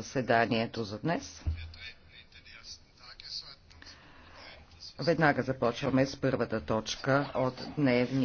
заседанието за днес. Веднага започваме с първата точка от дневния